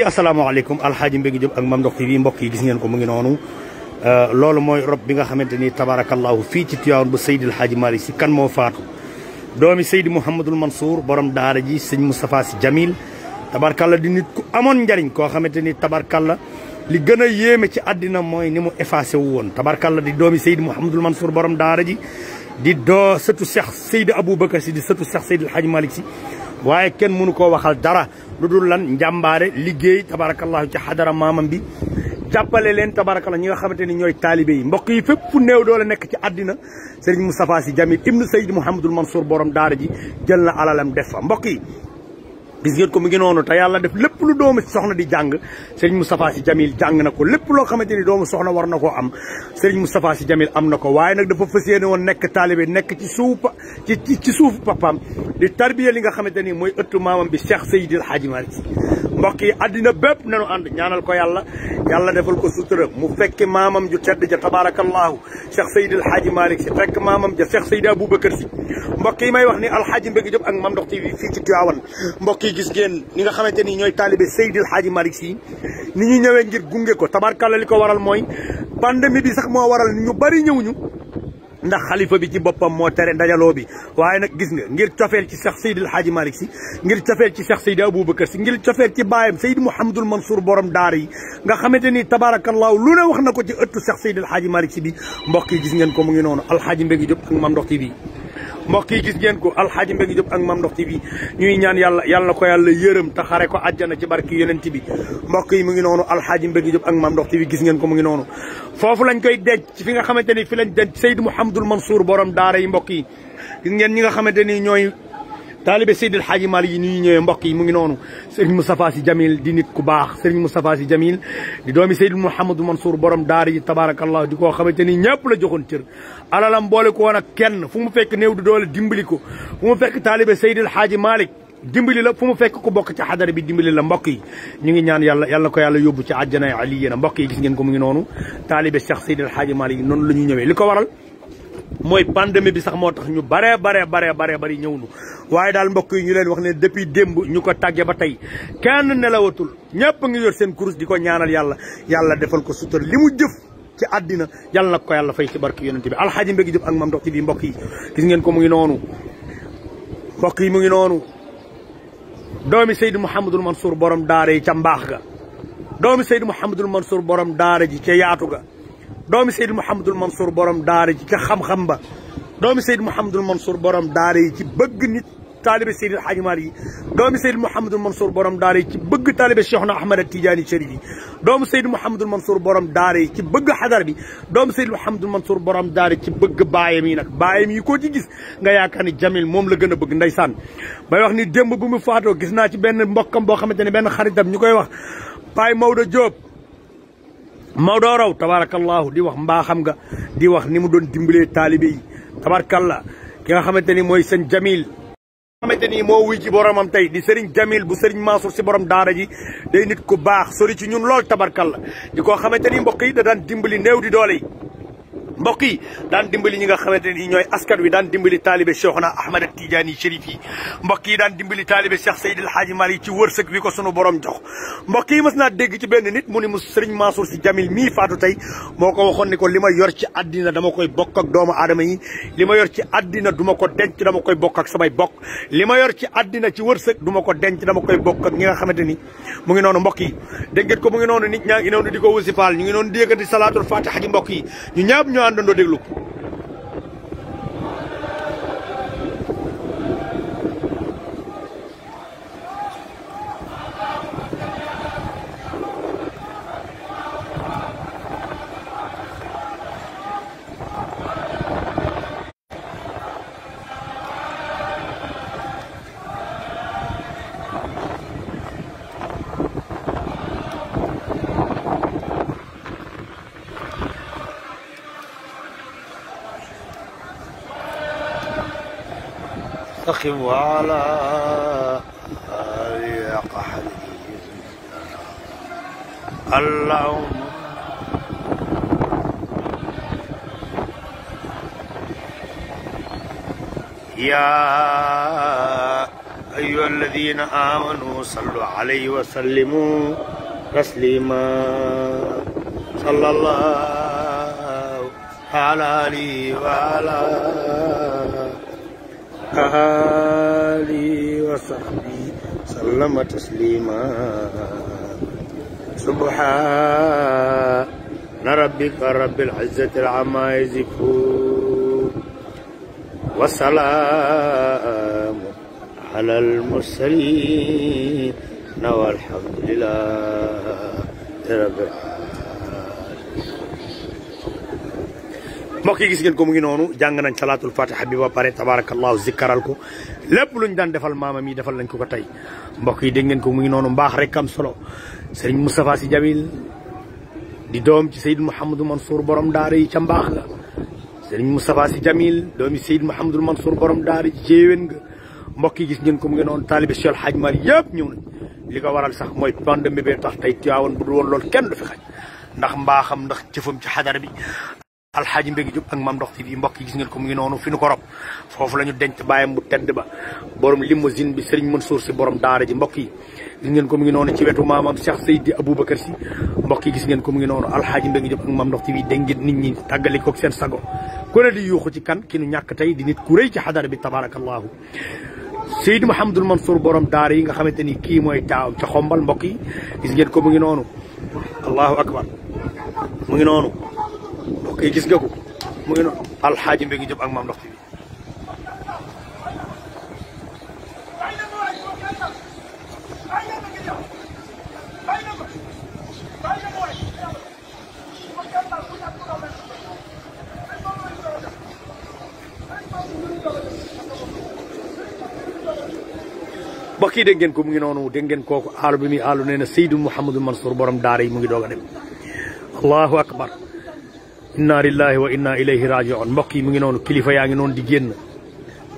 Eh, asalaamaaleykum alxaaji Mbengue Diop ak Mame Ndokh TV mbokk yi gis ngeen ko mu ngi noonu eh, loolu mooy rob bi nga xamante ni tabaarakallaahu fii ci Tiwaawan bu Seydi El Hadji Malick Sy kan moo faatu doomi Seydi Mouhamadul Mansour borom daara ji sëñ si Sy Jamil tabarkalla di nit ku amoon njariñ koo xamante ni tabarkalla li gën a yéeme ci àddina mooy ni mu effacé wu woon tabarkalla di doomi Seydi Mouhamadul Mansour borom daara ji di doo sëtu Cheikh Seydi Aboubacar Sy di sëtu Cheikh Seydi El Hadji Malick Sy waaye kenn mënu koo waxal dara lu dul lan njàmbaare liggéey tabarakallahu ci xadara maamam bi jàppale leen tabarakallah ñi nga xamante ni ñooy taalibe yi mbokk yi fépp fu néew doole nekk ci àddina Serigne Moustapha Sy Jamil ibnu Seyd Mouhamadul Mansour borom daara ji jël na alalam def mbokk yi gis ngeen ko mu ngi noonu te yàlla def lépp lu doomu soxna di jàng sëriñ Moustapha Sy Jamil jàng na ko lépp loo xamante ni doomu soxna war na koo am sëriñ Moustapha Sy Jamil am na ko waaye nag dafa fas yéene woon nekk taalibe nekk ci suuf ci ci suufu papaam di tarbiya li nga xamante ni mooy ëttu maamam bi Cheikh Seydil Hadji Malick mbokk yi addina bépp nanu ànd ñaanal ko yàlla yàlla defal ko sutura mu fekk maamam ju tedd ja tabarakallahu cheikh sayid alhaaji malik si fekk maamam ja cheikh sayid aboubacar si mbokk yi may wax ni alhaaji mbégi Diop ak Mame ndox TV fii ci Tivaouane mbokk yi gis ngeen ni nga xamante ni ñooy taalibe sayid alhaaji malik si ni ñuy ñëwee ngir gunge ko tabarkalla li ko waral mooy pandémie bi sax moo waral ñu bari ñëw ñu ndax xalifa bi ci boppam moo tere ndajaloo bi waaye nag gis nga ngir cofeel ci Cheikh Seydil Hadji Malick si ngir cofeel ci Cheikh Seydi Aboubacar si ngir cofeel ci baayam Seydi Mouhamadul Mansour borom daara yi nga xamante ni tabaarakallaahu lu ne wax na ko ci ëttu Cheikh Seydil Hadji Malick si bi mbokk yi gis ngeen ko mu ngi noonu alxaaji mbégi Diop ak Mame Ndokh TV mbokk yi gis ngeen ko alxaaji Mbengue Diop ak Mame ndox TV ñuy ñaan yàlla yàlla ko yàlla yërëm te xare ko àjjana ci barki yonent bi mbokk yi mu ngi noonu alxaaji Mbengue Diop ak Mame Ndokh TV gis ngeen ko mu ngi noonu foofu lañ koy denc fi nga xamante ni fi lañ denc Seydou Mouhamadul Mansour borom daara yi mbokk yi gis ngeen ñi nga xamante ni ñooy taalibe Seydil Hadji Malick yi ñuy ñëwee mbokk yi mu ngi noonu Serigne Moustapha Sy Jamil di nit ku baax Serigne Moustapha Sy Jamil di doomi Seydil Mouhamadou Mansour borom daara yi tabaarakallah di koo xamante ni ñëpp la joxoon cër alalam boole ko woon kenn fu mu fekk new di doole dimbali ko fu mu fekk taalibe Seydil Hadji Malick dimbali la fu mu fekk ko bokk ci xadara bi dimbali la mbokk yi ñu ngi ñaan yàlla yàlla ko yàlla yóbbu ci àjjana ali yéen a mbokk yi gis ngeen ko mu ngi noonu taalibe Cheikh Seydil Hadji Malick yi la ñu ñëwee li ko waral mooy pandémie bi sax moo tax ñu baree baree baree baree bari ñëwnu waaye daal mbokk yi ñu leen wax ne depuis démb ñu ko tàgge ba tey kenn nelawatul ñëpp ngi yor seen kurus di ko ñaanal yàlla yàlla defal ko sutura li mu jëf ci àddina yàlla nag ko yàlla fay ci barke yonent bi alxaaji mbégi jëf ak mam ndox ci bi mbokk yi gis ngeen ko mu ngi noonu mbokk yi mu ngi noonu doomi Seydou Mouhamadul Mansour borom daara yi ca mbaax ga doomi Seydou Mouhamadul Mansour borom daara ji ca yaatu ga doomi Seydou Mouhamadul Mansour borom daara ji ca xam-xam ba doomi Seydou Mouhamadul Mansour borom daara ci bëgg nit taalibe Seydou El Hadj Malick yi doomi Seydou Mouhamadul Mansour borom daara yi ci bëgg taalibe Cheikhna Ahmad Tidiane Chérif yi doomu Seydou Mouhamadul Mansour borom daara yi ci bëgg xadar bi doomu Seydou Mouhamadul Mansour borom daara ci bëgg baaya yi nag baayam yi koo ci gis nga yaakaar ni moom la gën a bëgg ndeysaan bay wax ni démb bu mu faatoo gis naa ci benn mbokkam boo xamante ne benn xaritam ñu koy wax Paye Maodo Diop Maodo raw tabaarakallaahu di wax mbaaxam nga di wax ni mu doon dimbalee taalibe yi tabaarakalla ki nga xamante ni mooy sëñ Jamil xamante ni moo wuy ci boromam tey di Serigne Jamil bu Serigne Mansour si borom daara ji day nit ku baax sori ci ñun lool tabarkalla di ko xamante ni mbokk yi da daan dimbali néew di doole yi mbokk yi daan dimbali ñi nga xamante ni ñooy askan wi daan dimbali taalibe Cheikhuna Ahmad Tidiane Chérif yi mbokk yi daan dimbali taalibe Cheikh Seydil Hadji Malick ci wërsëg wi ko sunu borom jox mbokk yi mës naa dégg ci benn nit mu ni mu Sëriñ Mansour Sy Djamil mii faatu tey moo ko waxoon ni ko li ma yor ci àddina dama koy bokk ak doomu aadama yi li ma yor ci àddina duma ko denc dama koy bokk ak samay bokk li ma yor ci àddina ci wërsëg duma ko denc dama koy bokk ak ñi nga xamante ni mu ngi noonu mbokk yi dégg ngeen ko mu ngi noonu nit ñaa ngi noonu di ko wusifaal ñu ngi noonu di yëkkati salaatul fatiha ji mbokk yi ñu ñaab ñoo àndandoo déglu فقم وعلى آل قحله اللهم يا أيها الذين آمنوا صلوا عليه وسلموا تسليما صلى الله على آله وعلى آله وصحبه سلم تسليما سبحان ربك رب العزة عما يصفون والسلام على المرسلين والحمد لله رب العالمين mbokk yi gis ngeen ko mu ngi noonu jàng nañ salaatul fatiha bi ba pare tabarakallahu zikkaral ko lépp luñ daan defal maamam yi defal nañ ko ko tey mbokk yi dégg ngeen ko mu ngi noonu mbaax rek am solo sëriñ Moustapha si Djamil di doom ci Seydou Mouhamadou Mansour borom daara yi ca mbaax la sëriñ Moustapha Sy Djamil doomi Seydou Mouhamadou Mansour borom daara yi jéewén nga mbokk yi gis ngeen ko mu ngi noonu taalibe Cheikh Hadj Mari yëpp ñëw nañ li ko waral sax mooy pandémie bee tax tey Tiwaawan bu dul woon loolu kenn fi xaj ndax mbaaxam ndax jëfam ci xadar bi alxaaji mbégi jub ak mam ndox tv mbokk yi gis ngeen ko mu ngi noonu fi nu ko rob foofu la ñu denc bàyyam bu tedd ba borom limousine bi sëriñ Mansour si borom daara ji mbokk yi gis ngeen ko mu ngi noonu ci wetu maamam Cheikh Seydi Aboubacar si mbokk gis ngeen ko mu ngi noonu alxaaji mbégi jub ak mam ndox tv dégg ngeen nit ñi tàggali ko seen sago ku ne di ci kan ki nu ñàkk tey di nit ku rëy ci xadara bi tabaarakallaahu Seydi Mouhamadul Mansour borom daara yi nga xamante ni kii mooy taawam ca xombal mbokk yi gis ngeen ko mu ngi noonu allahu akbar mu ngi noonu kay gis nga ko mu ngi noonu alxaaji ko mu ngi noonu dégg ngeen kooku aalu bi muy aalu nee na Seydou Mouhamadou Mansour borom daara yi mu ngi doog a dem akbar inna lillahi wa inna ilayhi rajiun mbokk yi mu ngi noonu kilifa yaa ngi noonu di génn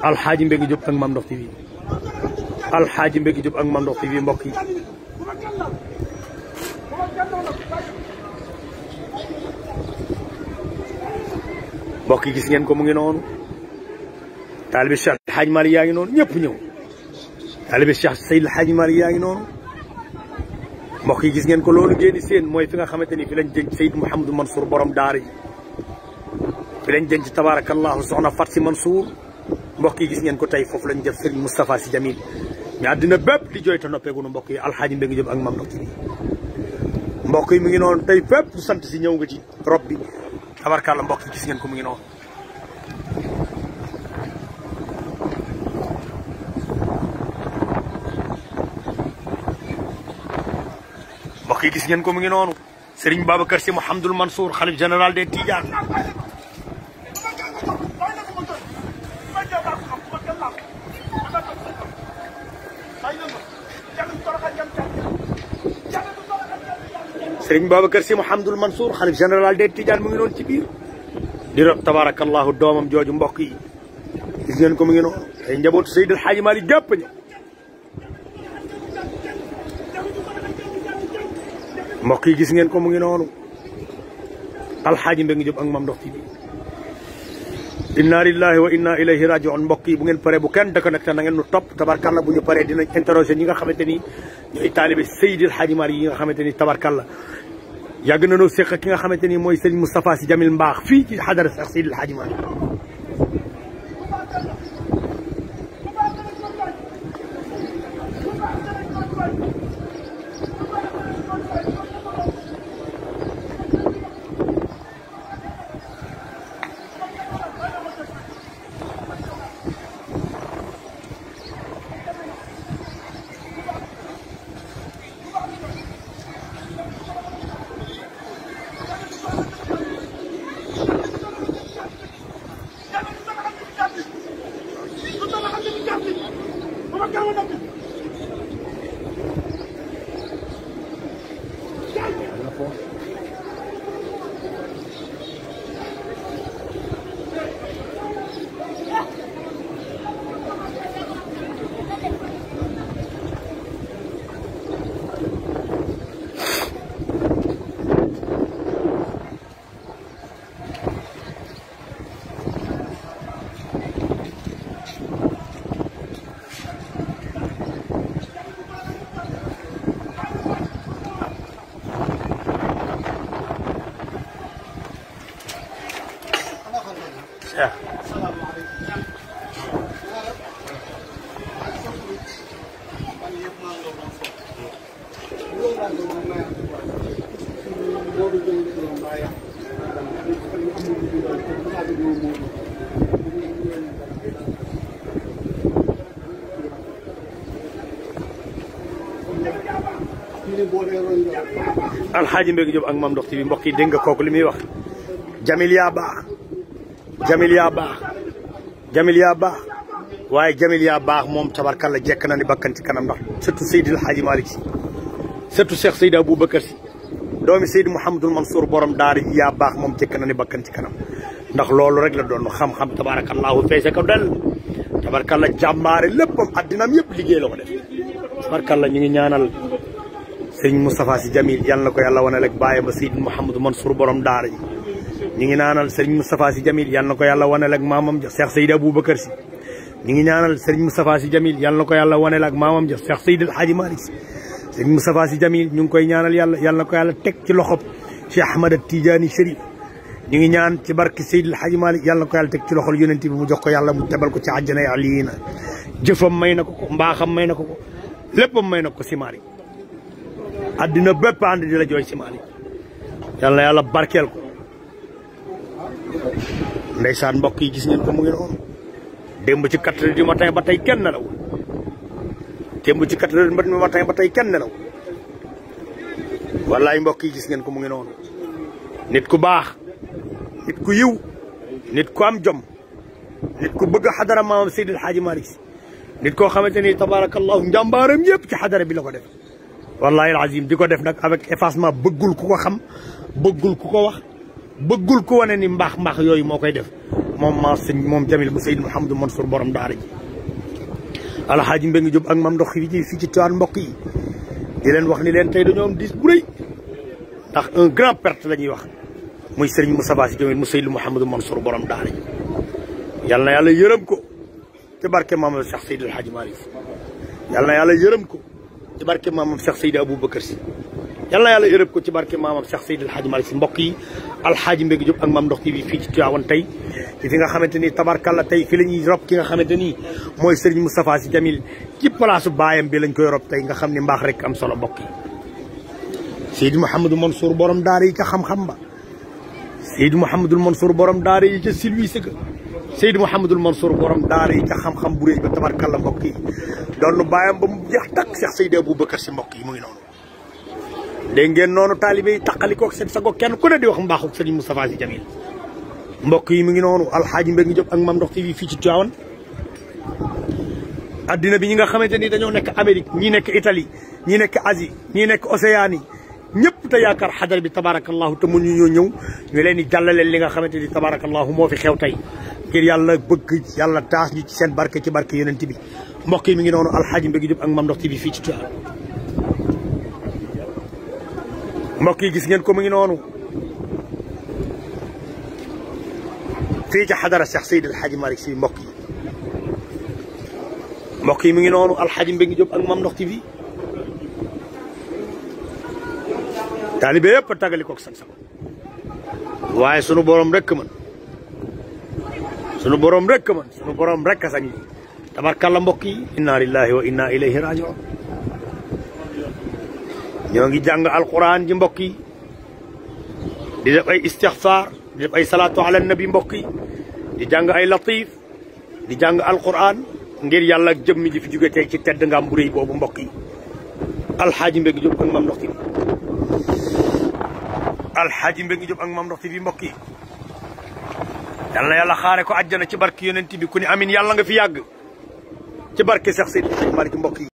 alxaaji Mbégi Diop ak Mame Ndokh TV alxaaji Mbégi Diop ak Mame Ndokh TV mbokk yi mbokk yi gis ngeen ko mu ngi noonu taalibi Cheikh Alxaaji Malick yaa ngi noonu ñëpp ñëw taalibi Cheikh Seydil Alxaaji Malick yaa ngi noonu mbokk yi gis ngeen ko loolu ngeen di seen mooy fi nga xamante ni fi lañ denc Seyd Mouhamadou Mansour borom daara yi fi lañ denc tabarakallahu soxna Fat si Mansour mbokk yi gis ngeen ko tey foofu lañ def Serigne Moustapha si Jamil mais àddina bépp di jooy te noppeegunu mbokk yi alxaaji Mbengue Diop ak mam ndokki bi mbokk yi mu ngi noonu tey fépp sant si ñëw nga ci rob bi tabarkàlla mbokk yi gis ngeen ko mu ngi noonu mbokk yi gis ngeen ko mu ngi noonu Serigne Babacar Sy Mouhamadoul Mansour xalif général des Tidianes Serigne Babacar Sy Mouhamadoul Mansour xalif général des Tidianes mu ngi noonu ci biir di rob tabaarakallahu doomam mbokk yi gis mbokk yi gis ngeen ko mu ngi noonu alxaaji Mbengue Diop ak Mame Ndokh TV inna lillahi wa inna ilayhi rajiun mbokk yi bu ngeen paree bu kenn déconnecté na ngeen nu topp tabarkalla bu ñu paree dinañ interroger ñi nga xamante ni ñooy taalibe Seydil Hadji Malick yi nga xamante ni tabarkalla yàgg na noo séq ki nga xamante ni mooy sëñ Moustapha Sy Jamil Mbaax fii ci xadara Seydil Hadji Malick Japón. alxaaji Mbengue Diop ak Mame Ndokh TV mbokk yi dégg nga kooku li muy wax jamil yaa baax jamil yaa baax waaye jamil yaa baax moom tabarkalla jekk na ni bakkan ci kanam ndax surtout Seydi alxaaji Malick si surtout Cheikh Seydi Aboubacar si doomi Seydi Mouhamadul Mansour borom daara ji moom jekk na ni bakkan kanam ndax loolu rek la doon xam-xam tabarakallahu feese ko del tabarkalla jàmmaare léppam addinaam yëpp liggéey la ko def tabarkalla ñu ngi sëriñ Moustapha Sy Jamil yal na ko yàlla wanal ak baayam ba Seydou Mouhamadou ngi naanal sëriñ Moustapha Sy Jamil yal na ko yalla wanal ak maamam ja Cheikh Seydou Aboubacar Sy ñu ngi ñaanal sëriñ Moustapha Sy Jamil yal na ko yàlla wanal ak maamam ja Cheikh Seydou El Hadj Malick Sy Jamil ñu ngi koy ñaanal yàlla yal na ko yàlla teg ci loxob Cheikh Ahmada Tidiane Chérif ñu ngi ñaan ci barke Seydou El Hadj Malick yal na ko yàlla teg ci loxol yonent bi mu jox ko yàlla mu tebal ko ci àjjana aliina jëfam may na ko ko mbaaxam may na ko ko léppam may na ko simaari addina bépp ànd di la jooy si Malick yal na barkeel ko ndeysaan mbokk yi gis ngeen ko mu ngi noonu démb ci quatre heures du ba tey kenn nelaw démb ci quatre heures du ba tey kenn nelaw wallaay mbokk yi gis ngeen ko mu ngi noonu nit ku baax nit ku yiw nit ku am jom nit ku bëgg xadara maamam Seydil Hadji Malick si nit koo xamante ni tabaarakallahu njàmbaaram yëpp ci xadara bi la ko def wallahi alazim di ko def nag avec effacement bëggul ku ko xam bëggul ku ko wax bëggul ku wane ni mbaax mbaax yooyu moo koy def moom ma sëñ moom jamil bu Seydou Mouhamadou Mansour borom daara ji alxaaji Mbengue Diop ak mam ndox fi ci fii ci Tivaouane mbokk yi di leen wax ni leen tey dañoo am dis bu rëy ndax un grand perte la ñuy wax muy Serigne Moustapha Sy Jamil mu Seydou Mouhamadou Mansour borom daara ji yal na yàlla yërëm ko te barke maam Cheikh Seydou El Hadji Malick yal na yàlla yërëm ko ci barke maamam Cheikh Seydi Aboubacar si yal na yàlla yërëb ko ci barke maamam Cheikh Seydi Alxaaji Malick si mbokk yi alxaaji Mbégi Diop ak Mame Ndokh TV fii ci Tivaouane tey ci fi nga xamante ni tabarkalla tey fi la ñuy rob ki nga xamante ni mooy Serigne Moustapha Sy Jamil ci palaasu baayam bi lañ koy rob tey nga xam ne mbaax rek am solo mbokk yi Seydi Mouhamadou Mansour borom daara yi ca xam-xam ba Seydi Mouhamadou Mansour borom daara yi ca silwi sëga Seydou Mouhamadul Mansour borom daara yi ca xam-xam bu réy ba tabarkalla mbokk yi doon bàyyam ba mu jeex takk Cheikh Seydou si mbokk yi mu ngi noonu dégg ngeen noonu taalibe yi taqalikoo seen sago kenn ku ne di wax mbaaxu Serigne Moustapha Sy Jamil mbokk yi mu ngi noonu alxaaji mbé ngi jóg ak Mame Ndokh TV fii ci Tivaouane bi ñi nga xamante ni dañoo nekk Amérique ngi nekk Italie ñi nekk Asie ñi nekk Océanie ñëpp te yaakaar xadar bi tabarakallahu te mu ñu ñoo ñëw ñu leen di jàllaleel li nga xamante ni tabarakallahu moo fi xew tey ngir yàlla bëgg yàlla taas ñu ci seen barke ci barke yonent bi mbokk yi mi ngi noonu alxaaji Mbégi Jóob ak Mame Ndokh TV fii ci Tiwaawan mbokk yi gis ngeen ko mu ngi noonu fii ci xadara Cheikh Seydi alxaaji Malick Sy mbokk yi mi ngi noonu alxaaji Mbégi Jóob ak Mame Ndokh TV taalibe yëpp a tàggali koog sax waaye sunu borom rek mën sunu boroom rek man sunu boroom rek sañ yi tabarkalla mbokk yi inna lillahi wa inna ilayhi rajiun ñoo ngi jàng alquran ji mbokk yi di def ay istixfar di def salaatu ala nabi mbokk yi di jàng ay latif di jàng alquran ngir yàlla ak jëmmi ji fi jóge ci tedd nga boobu mbokk yi alxaaji mbégi jóg ak mam mam ndox ti bi mbokk yi yal na yàlla xaare ko àjjana ci barke yonent bi ku ne amin yàlla nga fi yàgg ci barke Cheikh Seydou Malick mbokk yi